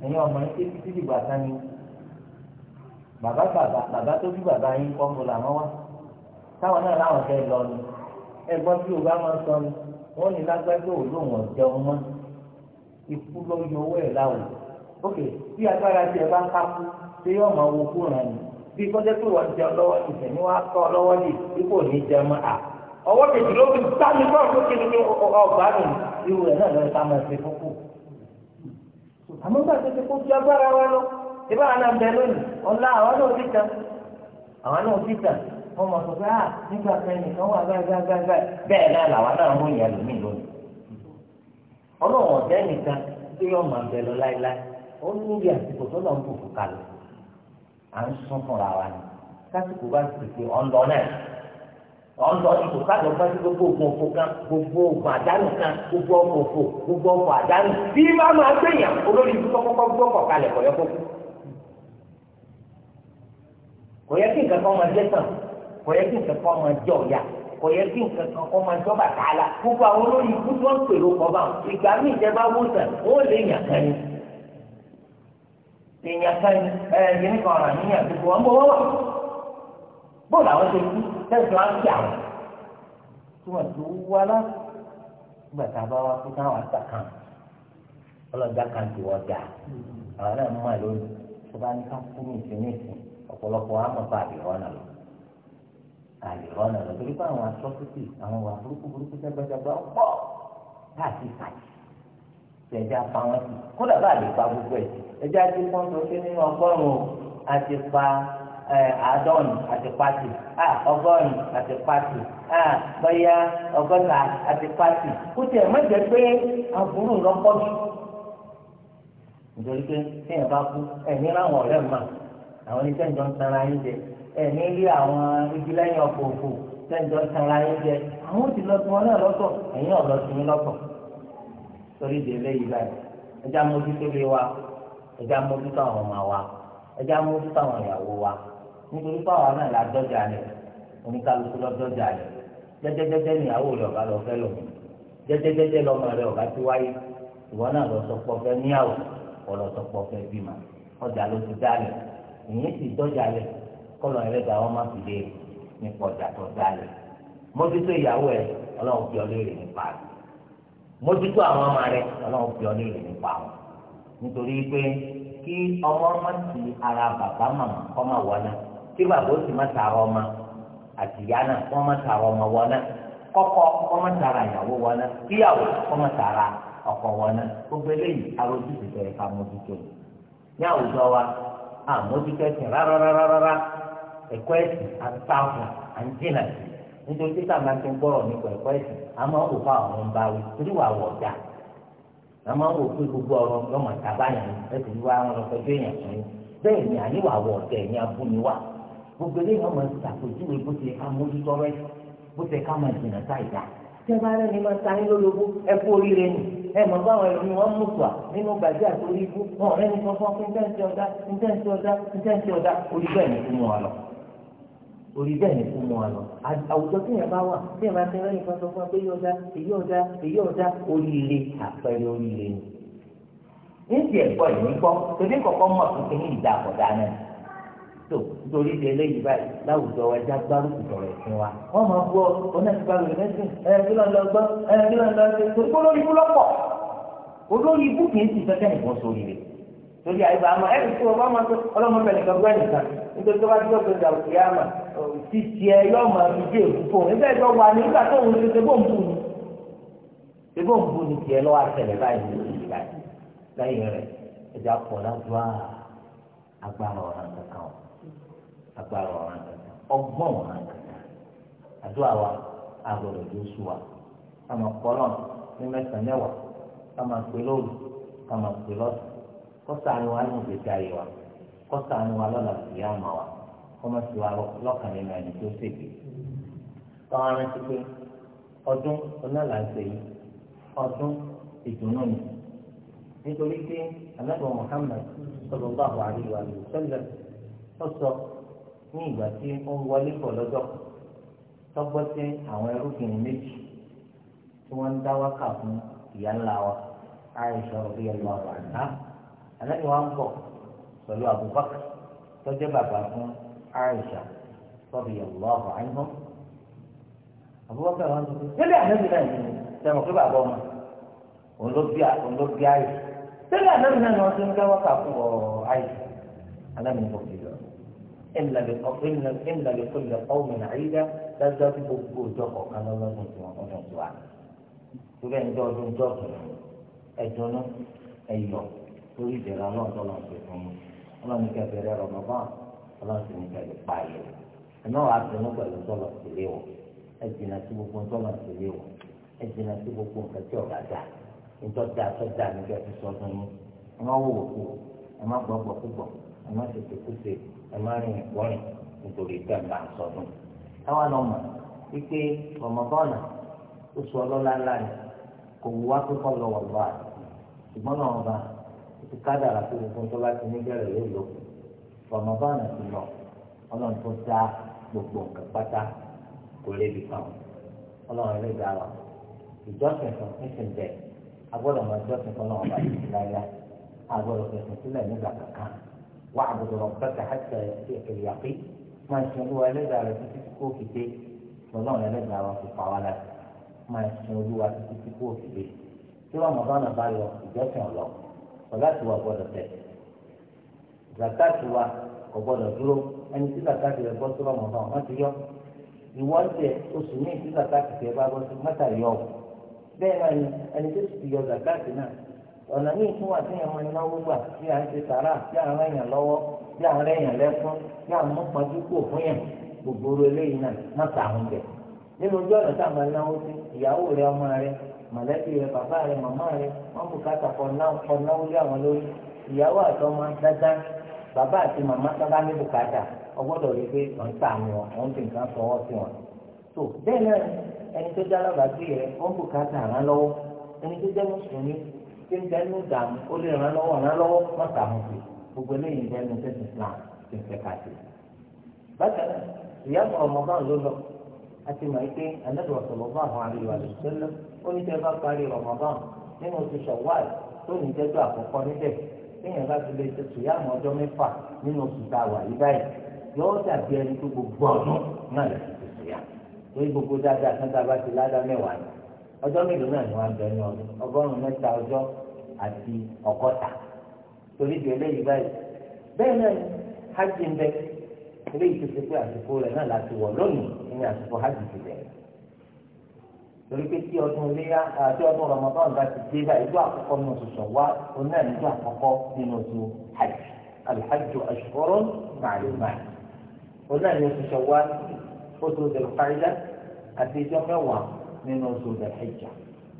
ẹ̀yin ọmọ yín kékeré ìgbà kan ni bàbá bàbá bàbá tó bí bàbá yín kọ́ mo làwọn wá táwọn náà láwọn fẹ́ lọ ni ẹ̀gbọ́n tí o bá máa sọ ni wọ́n ní lágbájá ò lóun ọ̀jẹ̀ ọmọ ikú ló yọ owó ẹ̀ láwùjọ ókè bí agbára tiẹ̀ bá kápú ṣé yóò máa wo kú ràn yín bí kọ́jẹ́ pé wọ́n jẹun lọ́wọ́ ní ìfẹ̀mí wá tọ́ lọ́wọ́ ní ipò ní jẹun à ọwọ́ kejì ló fi bá mi bọ́ọ̀ tó kéde ní ọgbà mi irú rẹ̀ náà lọ ìbá àwọn náà bẹ lónìí ọ̀la àwọn náà ti tàn àwọn náà ti tàn wọ́n mọ̀ sọ pé à ah, nígbà kẹ́yìn kan wà gágágágá bẹ́ẹ̀ náà làwọn náà mú ìyá lómi lónìí ọlọ́wọ̀n ọ̀jẹ́ nìkan tí yóò máa bẹ lọ láéláé ó ní iye àsìkò tó lọ ń bò fún kalẹ̀ à ń sún fúnra wa ni kásìkò bá ti pè ọ̀ńdọ́ náà ọ̀ńdọ́ ipò kájọ bá ti gbogbo ògùn òfò kan gbogbo ògùn àdánù kan gbogbo ọkọ̀ òfò gbogbo ọkọ̀ àdánù bí má máa gbẹ̀yàn olórí ibùsọ̀ kọ́kọ́ gbọ́kọ̀ kalẹ̀ kọ̀yọ́kọ́kọ́ kò yẹ kí nǹkan kan máa jẹ́ tàn kò yẹ kí nǹkan kan máa jẹ́ ọ̀yà kò yẹ kí nǹkan kan kọ́ máa jọba tààlà gbogbo àwọn olórí ikú tí wọ́n ń pèrò kọ́ bá ìgbà míì ìjẹba wó sàn ó lè yàn kan ni èèyàn kan ni ẹ̀ẹ́dì nìkan ọ̀ràn níyàn gbogbo wọn bọ̀ wọ́wọ́ bó làwọn ṣe kú tẹ̀sán á ń kí àwọn tí wọ́n ti wá lá nígbà tá a bá wá kú táwọn àgbà kan ọlọ́jà kan ti wọ́jà àwọn náà mú àlóyún tó bá ní ká kú ní ìsinmi ìsinmi ọ̀pọ̀lọpọ̀ wa mọ̀ fún àlìrọ́nà lọ àlìrọ́nà lọ torí pé àwọn atrocity àwọn wà burúkú burúkú jágbájágbá ń pọ̀ láti ìfàjì ẹja pa wọn sí kódà bá lè pa gbogbo ẹ̀ ẹja ti pọ́n tó ṣe nínú ọgọ́rùn-ún àti pa àádọ́rin àti pàtì ọgọ́rin àti pàtì bóyá ọgọ́ta àti pàtì kó tiẹ̀ má jẹ́ pé àbúrò lọ́pọ̀ jù nítorí pé téèyàn bá kú ẹ̀ ní láwọn ọ̀rẹ́ mọ́ àwọn ẹni sẹ́ńjọ́ ń tanra yín jẹ ẹ ní rí àwọn igi lẹ́yìn ọkọ̀ òfò sẹ́ńjọ́ ń tanra yín jẹ àwọn ò ti lọ sí wọn náà lọ́tọ̀ ẹ̀yìn ọ̀lọ́ sí yín lọ́tọ̀ torí ìdílé yìí báyìí ẹja mójútó lé wa ẹja mójútó àwọn ọmọ wa ẹja mójútó àwọn ìyàwó wa nítorí fáwọn náà la dọ́jà lẹ̀ oníkálukú lọ dọ́jà lẹ̀ jẹ́jẹ́jẹ́jẹ́ níyàwó rẹ̀ ọ̀gá lọ fẹ́ lòun jẹ́jẹ́jẹ́jẹ́ lọ́mọ rẹ̀ ọ̀gá ti wáyé ìwọ náà lọ sọ pọ̀ fẹ́ níyàwó ọ̀lọ́sọpọ̀ fẹ́ bímọ ọjà ló ti dálẹ̀ ìyẹn sì dọ́jà lẹ̀ kọ́lọ̀ ẹlẹ́dàá wọn má fi lé nípa ọjà tó dá lẹ̀ mójútó ìyàwó ẹ ọlọ́run fi ọ léèrè nípa rẹ̀ mójútó àwọn ọmọ rẹ ọlọ́run fi ọ léèrè nípa wọn nítorí pé kí ọmọ má ti ara bàbá màmá ọmọ wọná kí bàbá ó sì má tara ọmọ àti ìyá náà kọ́ má tara ọmọ wọná kọ́kọ́ kọ́ má tara ìyàwó wọná kíyàwó kọ́ má tara ọkọ wọná gbogbo eléyìí arójú ti tẹ̀ ká mójútó ní àwùjọ wa àmójútó ẹ̀sìn rárá rárá rárá ẹ̀kọ́ ẹ̀sìn àtàkùn àǹjìnà nítorí títà máa ti ń nípa ẹ̀kọ́ ẹ̀sìn a máa wò fún àwọn ń báwí torí wà wọ̀ ọ̀dà a máa wò pé gbogbo ọ̀rọ̀ lọ́mọ tàbáyà ẹ̀sìn wá wọn lọ fẹjọ́ èèyàn fún yín bẹ́ẹ̀ ni àníwà wọ̀ ọ̀dà ẹ̀yìn abúniwà gbogbo eléyìí wọn máa ṣàpèjúwe bó ti ká mójútó rẹ bó ti ká máa jìnnà sáì ẹ mọ̀ bá àwọn ẹ̀mí wọn mú tùà nínú gbàjẹ́ àti orí ibú wọn ọ̀rẹ́ ní kankan fún ìtẹ́ǹtì ọ̀dá ìtẹ́ǹtì ọ̀dá ìtẹ́ǹtì ọ̀dá orí bẹ́ẹ̀ ni fún mu wa lọ. orí bẹ́ẹ̀ ni fún mu wa lọ. àwùjọ tí yẹn bá wà tí yẹn bá ti rẹ́ nìkan sọ fún pé yí ọ̀dá èyí ọ̀dá èyí ọ̀dá oríire àpẹẹrẹ oríire ni. ní ti ẹ̀kọ́ ìmí tó nítorí ìdí eléyìí báyìí láwùjọ ẹja gbárùkù tọ̀rọ̀ ẹ̀sìn wa wọ́n máa gbọ́ onígbàgbọ́ ẹ̀sìn ẹ̀ kí ló ń lọ gbọ́ ẹ̀ kí ló ń lọ ṣe torí kó lórí ibú lọ́pọ̀ olórí ibú kì í sì fẹ́ kẹ́ nìkan sórí torí àyíká àmọ́ ẹ̀rí tí wọ́n máa tó ọlọ́mọ bẹ̀rẹ̀ kan gbọ́ ẹ̀nìkan nítorí tó bá dúró pé ìjà òkè àmà ti tiẹ̀ yọ ọmọ mi dé èkú fún un nígbà ìjọba ni nígbà tó ń ṣe bó ń bù ni ṣe ń bù ni tiẹ̀ lọ́wọ́ àtẹ̀lẹ̀ báyìí ní ìlú lẹ́yìn rẹ̀ ẹ̀já pọ̀ lájú àgbára ọ̀ràn kankan o agbára ọ̀ràn kankan ọgbọ́n ọ̀ràn kankan àdúrà wa àgbọ̀dọ̀ tó sùn wa kàmá kọ́lọ̀ ní mẹ́sàn-án mẹ́wàá kàmá pé lóru kàmá pé lọ́sàn kọ́sà ni wa nù gbèsè ayé wa kọ́sà ni wa lọ́la sí àmà wa kọ́mọ sí wa lọ́kàn nínú ẹni tó ṣègbè káwọn rántí pé ọdún onáàlàṣẹ yìí ọdún ìdùnnú ni nítorí pé anábọ̀ Muhammad sallallahu alaihi wa sallam ó ní ìgbà tí ó ń wọlé bọ̀ lọ́jọ́ tọ́gbọ́ sí àwọn ẹrúgbìn méjì tí wọ́n ń dá wákà fún ìyá ńlá wa Aisha radiyallahu anha alẹ́ wa ń bọ̀ pẹ̀lú Abubakar tọ́jú bàbá fún Aisha radiyallahu anha Abubakar wọn ti fi sílẹ̀ àná mi náà yìí sẹ́wọ̀n pé bàbá ọmọ òun ló bí òun ló bí Aisha àná mi náà إلا لقوم إلا لكل قوم عيدا لازم تبقوا جوكو كان الله سبحانه وتعالى تبقى إن جوكو جوكو أجونا أيوه تريد أن الله تعالى سبحانه الله نكبر رمضان الله سبحانه وتعالى أنا أعرف أنك الله تعالى سبحانه أجينا سبحانه تعالى سبحانه أجينا سبحانه كتير بعدا إن تدع تدع نجاح سبحانه ما هو أما بابا بابا ẹ má tètè kúse ẹ má rìn ìkọrin nítorí ìgbà ńlá sọdún. táwa náà mọ̀ wípé ọmọbọ́nà ó sọ ọlọ́lá ńlá ni kò wú wá pípọ̀ lọ wọ̀ bá a ṣùgbọ́n náà ọba ti kádàrà pé gbogbo tó bá ti ní bẹ̀rẹ̀ yóò lò ọmọbọ́nà ti lọ ọlọ́run tó dá gbogbo nǹkan pátá kò lébi kan ọlọ́run lè dá wa ìjọsìn kan ń bẹ́ẹ̀ agbọ́dọ̀ máa jọ́sìn kan náà wà láyé láyé agbọ́dọ̀ fẹ̀sìn sílẹ̀ nígbà kankan. واعبد ربك حتى يأتيك اليقين máa sun olúwa ẹlẹ́dàá rẹ títí tí kò fi dé lọ́lọ́run ẹlẹ́dàá rẹ fi pa wá láti máa sun olúwa títí tí kò fi dé tí wọ́n mọ̀ báwọn bá lọ ìjọsìn ọ̀lọ́ ọ̀láti wa gbọ́dọ̀ tẹ̀ zakati wa kò gbọ́dọ̀ dúró ẹni tí zakati rẹ bọ́ sí ọmọ bá wọn ti yọ ìwọ jẹ oṣù míì tí zakati rẹ bá bọ́ sí mọ́tà yọ bẹ́ẹ̀ náà ni ẹni tó ti yọ zakati náà ọ̀nà míì tún wà téèyàn máa náwó gbà bí à ń ṣe sàrà bí à ń rẹ̀yàn lọ́wọ́ bí à ń rẹ̀yàn lẹ́fún bí à ń mú pàdúkò fún yàn gbogbo eléyìí náà má ta àwọn bẹ̀. nínú ojú ọ̀nà tá a máa náwó sí ìyàwó rẹ ọmọ rẹ mọ̀lẹ́bí rẹ bàbá rẹ màmá rẹ wọ́n bù káta kọ náwó lé àwọn lórí ìyàwó àtọmọ dáadáa bàbá àti màmá sábà ní bùkátà ọgbọ́dọ̀ rí pé wọ́n ta àwọn wọn wọ́n fi nǹkan sọ wọ́n sí wọn. tó bẹ́ẹ̀ náà ẹni tó jẹ́ alábàágbé rẹ wọ́n bùkátà rán lọ́wọ́ ẹni tó jẹ́ mùsùlùmí tí ń bẹ nínú dààmú ó lè ràn lọ́wọ́ ràn lọ́wọ́ má dààmú sí gbogbo eléyìí ń bẹ nínú tẹ́sí Islam ti ń fẹ́ ká sí. bákan náà ìyá ọmọ bá ló lọ àti mọ̀ ẹ́ pé anábìwọ̀ sọ̀rọ̀ bá àwọn àríwá rẹ̀ sẹ́lẹ̀ ó ní tẹ́ bá parí ọmọ bá nínú oṣù Ṣawwal tó ní jẹ́jọ́ àkọ́kọ́ níbẹ̀ téèyàn bá ti lè ṣe sùyàmù ọjọ́ mẹ́fà nínú oṣù tá yí báyìí yọ̀ọ́ ọjọ́ mélòó náà ni wọ́n á bẹ ní ọdún ọgọ́rùn-ún mẹ́ta ọjọ́ àti ọgọ́ta torí di eléyìí báyìí bẹ́ẹ̀ náà ni hajj ń bẹ eléyìí tó ṣe pé àsìkò rẹ̀ náà láti wọ̀ lónìí ní àsìkò hajj ti bẹ̀ torí pé tí ọdún léyà àti ọdún ramadan bá ti dé báyìí ìjọ àkọ́kọ́ nínú oṣù sọ̀wá oní àníjọ àkọ́kọ́ nínú oṣù hajj alhajj ashhurun ma'lumat oní àníjọ nínú oṣù dàhẹ́jà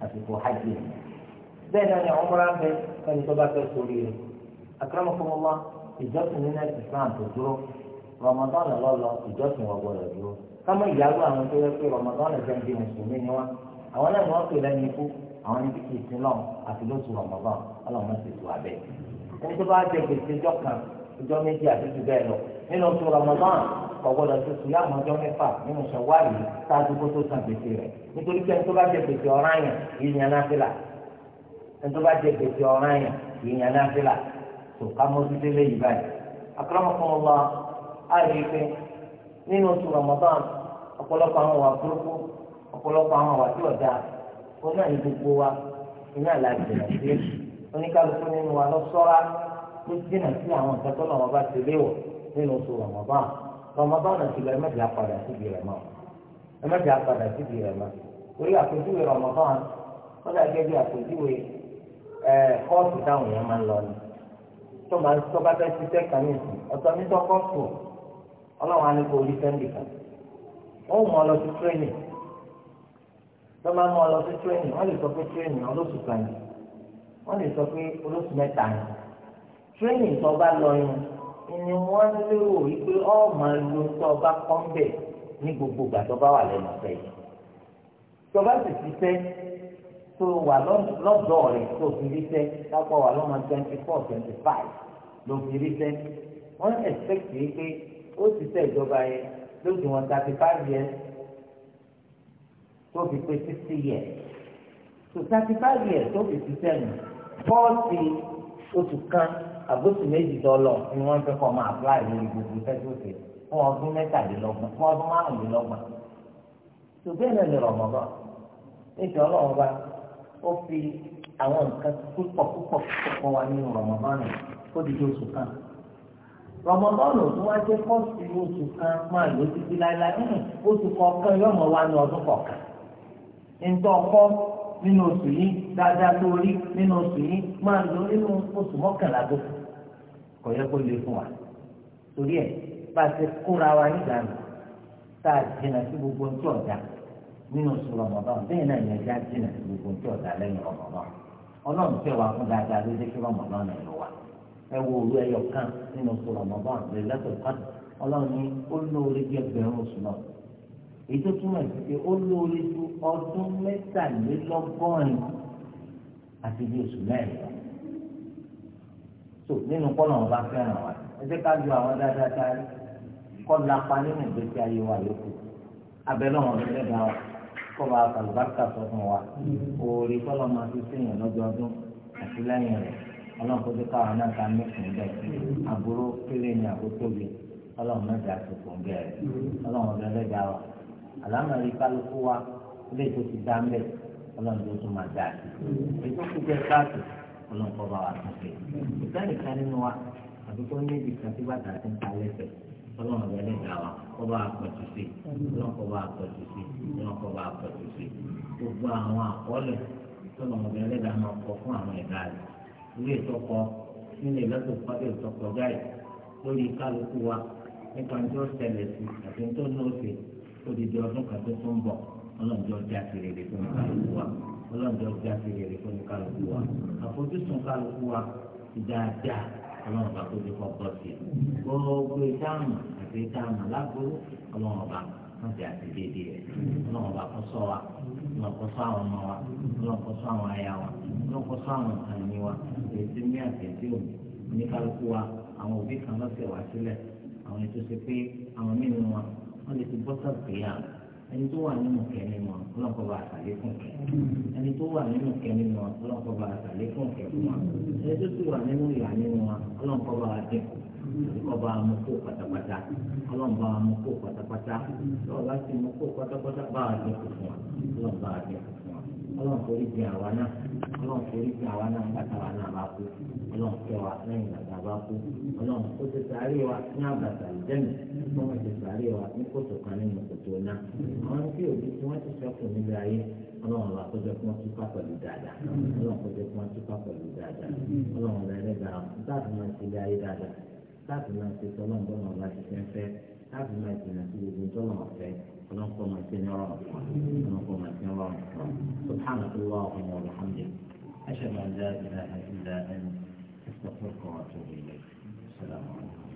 àsìkò hajj bẹ́ẹ̀ náà ni ọmọra ń bẹ ẹni tó bá fẹ́ sórí rẹ̀ akramakumullah ìjọsìn nínú Islam tó dúró Ramadan lọ́lọ́ ìjọsìn wọ́n gbọ́dọ̀ dúró kámọ́ ìyàwó àwọn tó yẹ pé Ramadan ẹ̀fẹ́ ń di mùsùlùmí ni wọ́n àwọn náà ni wọ́n pè lẹ́nu ikú àwọn ní kíkì ìsìn náà àti lóṣù Ramadan ọlọ́run ti tù abẹ́ ẹni tó bá jẹ gbèsè ìjọ ìjọ méjì àti jù bẹ́ẹ̀ lọ nínú oṣù Ramadan ọ̀gbọ́dọ̀ tó sùn láàmú ọjọ́ mẹ́fà nínú ṣàwárí ṣáájú kó tó san gbèsè rẹ̀ nítorí pé ẹni tó bá jẹ gbèsè ọ̀ràn yẹn ìyẹn náà fi là ẹni tó bá jẹ gbèsè ọ̀ràn yẹn ìyẹn náà fi là tó ká mọ́ títí lé yìí báyìí. akramakumullah á rí i pé nínú oṣù Ramadan ọ̀pọ̀lọpọ̀ àwọn wà burúkú ọ̀pọ̀lọpọ̀ àwọn wà tí ọ̀dà oná ní gbogbo wa iná làjẹ̀ sí oníkálukú nínú wa lọ sọ́ra ló dínà sí àwọn ìtọ́tọ́ náà wọn bá ti rọmọbọ́ọ̀nù ti lọ ẹ má jẹ́ apàdà síbi rẹ̀ mọ́ ẹ má jẹ́ apàdà síbi rẹ̀ mọ́ orí àpèjúwe rọmọbọ́ọ̀nù wọ́n dà gẹ́gẹ́ bí àpèjúwe kọ́ọ̀sì táwọn èèyàn máa ń lọ ni tó máa ń tọ́ bá fẹ́ ṣiṣẹ́ kan ní ìsìn ọ̀tọ̀ ní tọ́ kọ́ọ̀sì ọlọ́run á ní kó orí sẹ́ńdì kan ó mú ọ lọ sí tírénì tó máa mú ọ lọ sí tírénì wọ́n lè sọ pé tírénì olóṣù kan ni wọ́n lè sọ pé olóṣù mẹ́ta ni tírénì tó bá lọ yẹn ni wọ́n lérò wípé ọmọ ìlú tó bá kọ́ ń bẹ̀ ní gbogbo ìgbà tó bá wà lẹ́nu fẹ́ yìí tó bá sì ti fẹ́ tó wà lọ́dọ̀ rẹ̀ tó fi rí fẹ́ lápá wà lọ́mọ twenty four twenty five ló fi rí fẹ́ wọ́n expect yìí pé ó ti fẹ́ ìjọba yẹn lójú wọn thirty five years tó fi pé sixty years so thirty five years tó fi ti sẹ́nu fọ́ọ̀tì oṣù kan àgbóṣù méjì dọ́lọ̀ ni wọ́n fẹ́ kọ́ máa apply lórí gbogbo fẹ́tọ́sì fún ọdún mẹ́tàlélọ́gbọ̀n fún ọdún márùnlélọ́gbọ̀n. ṣùgbọ́n ẹ̀ lè Ramadan níṣẹ́ ọlọ́run bá ó fi àwọn nǹkan púpọ̀ púpọ̀ púpọ̀ wá nínú Ramadan ó di oṣù kan. Ramadan tó wá jẹ́ fọ́ọ̀sì oṣù kan máa lò títí láéláé oṣù kọ̀ọ̀kan yóò mọ̀ wá ní ọdún kọ̀ọ̀kan. nǹkan ọkọ nínú oṣù yìí dáadáa tó rí nínú oṣù yìí máa lò nínú oṣù mọ́kànlá gbogbo kò yẹ kó lè fún wa torí ẹ bá a ṣe kóra wa nígbàánu tá a jìnnà sí gbogbo ń tí ọ̀dà nínú oṣù rọmọdán bẹ́ẹ̀ náà yẹn já jìnnà sí gbogbo ń tí ọ̀dà lẹ́yìn rọmọdán ọlọ́run tẹ̀ wá fún dáadáa ló dé kí rọmọdán náà lọ wa ẹ wo òru ẹyọ kan nínú oṣù rọmọdán lè lẹ́tọ̀ọ́ kọ́ni ọlọ́run ní ó lóore bí ẹgbẹ̀rún oṣù náà èyí tó túmọ̀ sí pé ó lóore ju ọdún mẹ́tàlélọ́gọ́rin àti bí oṣù mẹ́rin lọ tó nínú kọ́ làwọn bá fẹ́ràn wa ẹ jẹ́ ká ju àwọn dáadáa tá a rí kọ́ lápá nínú ìgbésí ayé wa yòókù abẹ́lẹ́ wọn lọ́dẹ̀ dá wa kọ́ bá àlùbáríkà sọ fún wa oore kọ́ lọ́ máa fi sèyàn lọ́dọọdún àti lẹ́yìn rẹ̀ ọlọ́run kó tó káwọn náà ká mẹ́sìn bẹ́ẹ̀ àbúrò kéré ni àkótóbi ọlọ́run náà dá sí fún bẹ́ẹ̀ ọlọ́run lọ́dẹ̀ dá wa àlámọ̀rí kálukú wa ilé ìtòsí dá ọlọ́run tó tún máa dá sí ètò kúkẹ́ ọlọ́run kọ́ bá wa tún ṣe ìtànìkan nínú wa àti tó ní ìdìkan tí bàtà ti ń ta lẹ́sẹ̀ ọlọ́run ọ̀rẹ́ lẹ́gbàá wa kọ́ bá wa pọ̀jù sí ọlọ́run kọ́ bá wa pọ̀jù sí ọlọ́run kọ́ bá wa pọ̀jù sí gbogbo àwọn àkọọ́lẹ̀ tọ́lọ́run ọ̀rẹ́ lẹ́gbàá máa kọ fún àwọn ẹ̀dá rẹ̀ ilé ìtọ́kọ nílé lọ́tò pàdé ìtọ́kọ gáì lórí kálukú wa nípa ní tó ṣẹlẹ̀ sí àti ní tó ní òsè odidi ọdún kan ọlọ́dọ̀ ọjà ti rere fún ní kálukú wa àfojúsùn kálukú wa ti dáadáa ọlọ́run bá tó ti kọ́ bọ́ sí i gbogbo ìdáhùn àti ìdáhùn alágbóró ọlọ́run bá wọn ti àti dédé rẹ̀ ọlọ́run bá kọ́ sọ wa ọlọ́run kọ́ sọ àwọn ọmọ wa ọlọ́run kọ́ sọ àwọn aya wa ọlọ́run kọ́ sọ àwọn àní wa èsì ní àtẹ̀sí òní ní kálukú wa àwọn òbí kan lọ́sẹ̀ wá sílẹ̀ àwọn ètò ṣe pé àwọn mí ẹni tó wà nínú kẹ́ni wọn ọlọ́kọ̀ bá àtàlẹ́ fún kẹ́ ẹni tó wà nínú kẹ́ni wọn ọlọ́kọ̀ àtàlẹ́ fún kẹ́ fún wa ẹni tó sì wà nínú ìyá nínú wọn ọlọ́kọ̀ bá àdínkù ọba amukó pátápátá ọlọ́mọba amukó pátápátá ọba sì mukó pátápátá bá àdínkù fún wa ọlọ́mọba àdínkù fún wa ọlọ́mọba ọlọ́run torí pé àwa náà gbàtà wa náà bá kú ọlọ́run kẹ́ wa lẹ́yìn gbàtà bá kú ọlọ́run ó ti sàárè wa ní àgbàtà ìjẹ́nu wọ́n máa ti sàárè wa ní kòtò kan nínú kòtò náà àwọn tí òbí tí wọ́n ti sẹ́kù níbi ayé ọlọ́run wa kọjá kí wọ́n túká pẹ̀lú dáadáa ọlọ́run kọjá kí wọ́n túká pẹ̀lú dáadáa ọlọ́run rẹ̀ lẹ́gbàá láti máa ti lé ayé dáadáa láti máa ti sọ́lọ́run bọ́ọ̀nà láti ونقوى ما سنرى ونقوى ما سنرى سبحانك اللهم وبحمدك أشهد أن لا إله إلا أنت أستغفرك وأتوب إليك السلام عليكم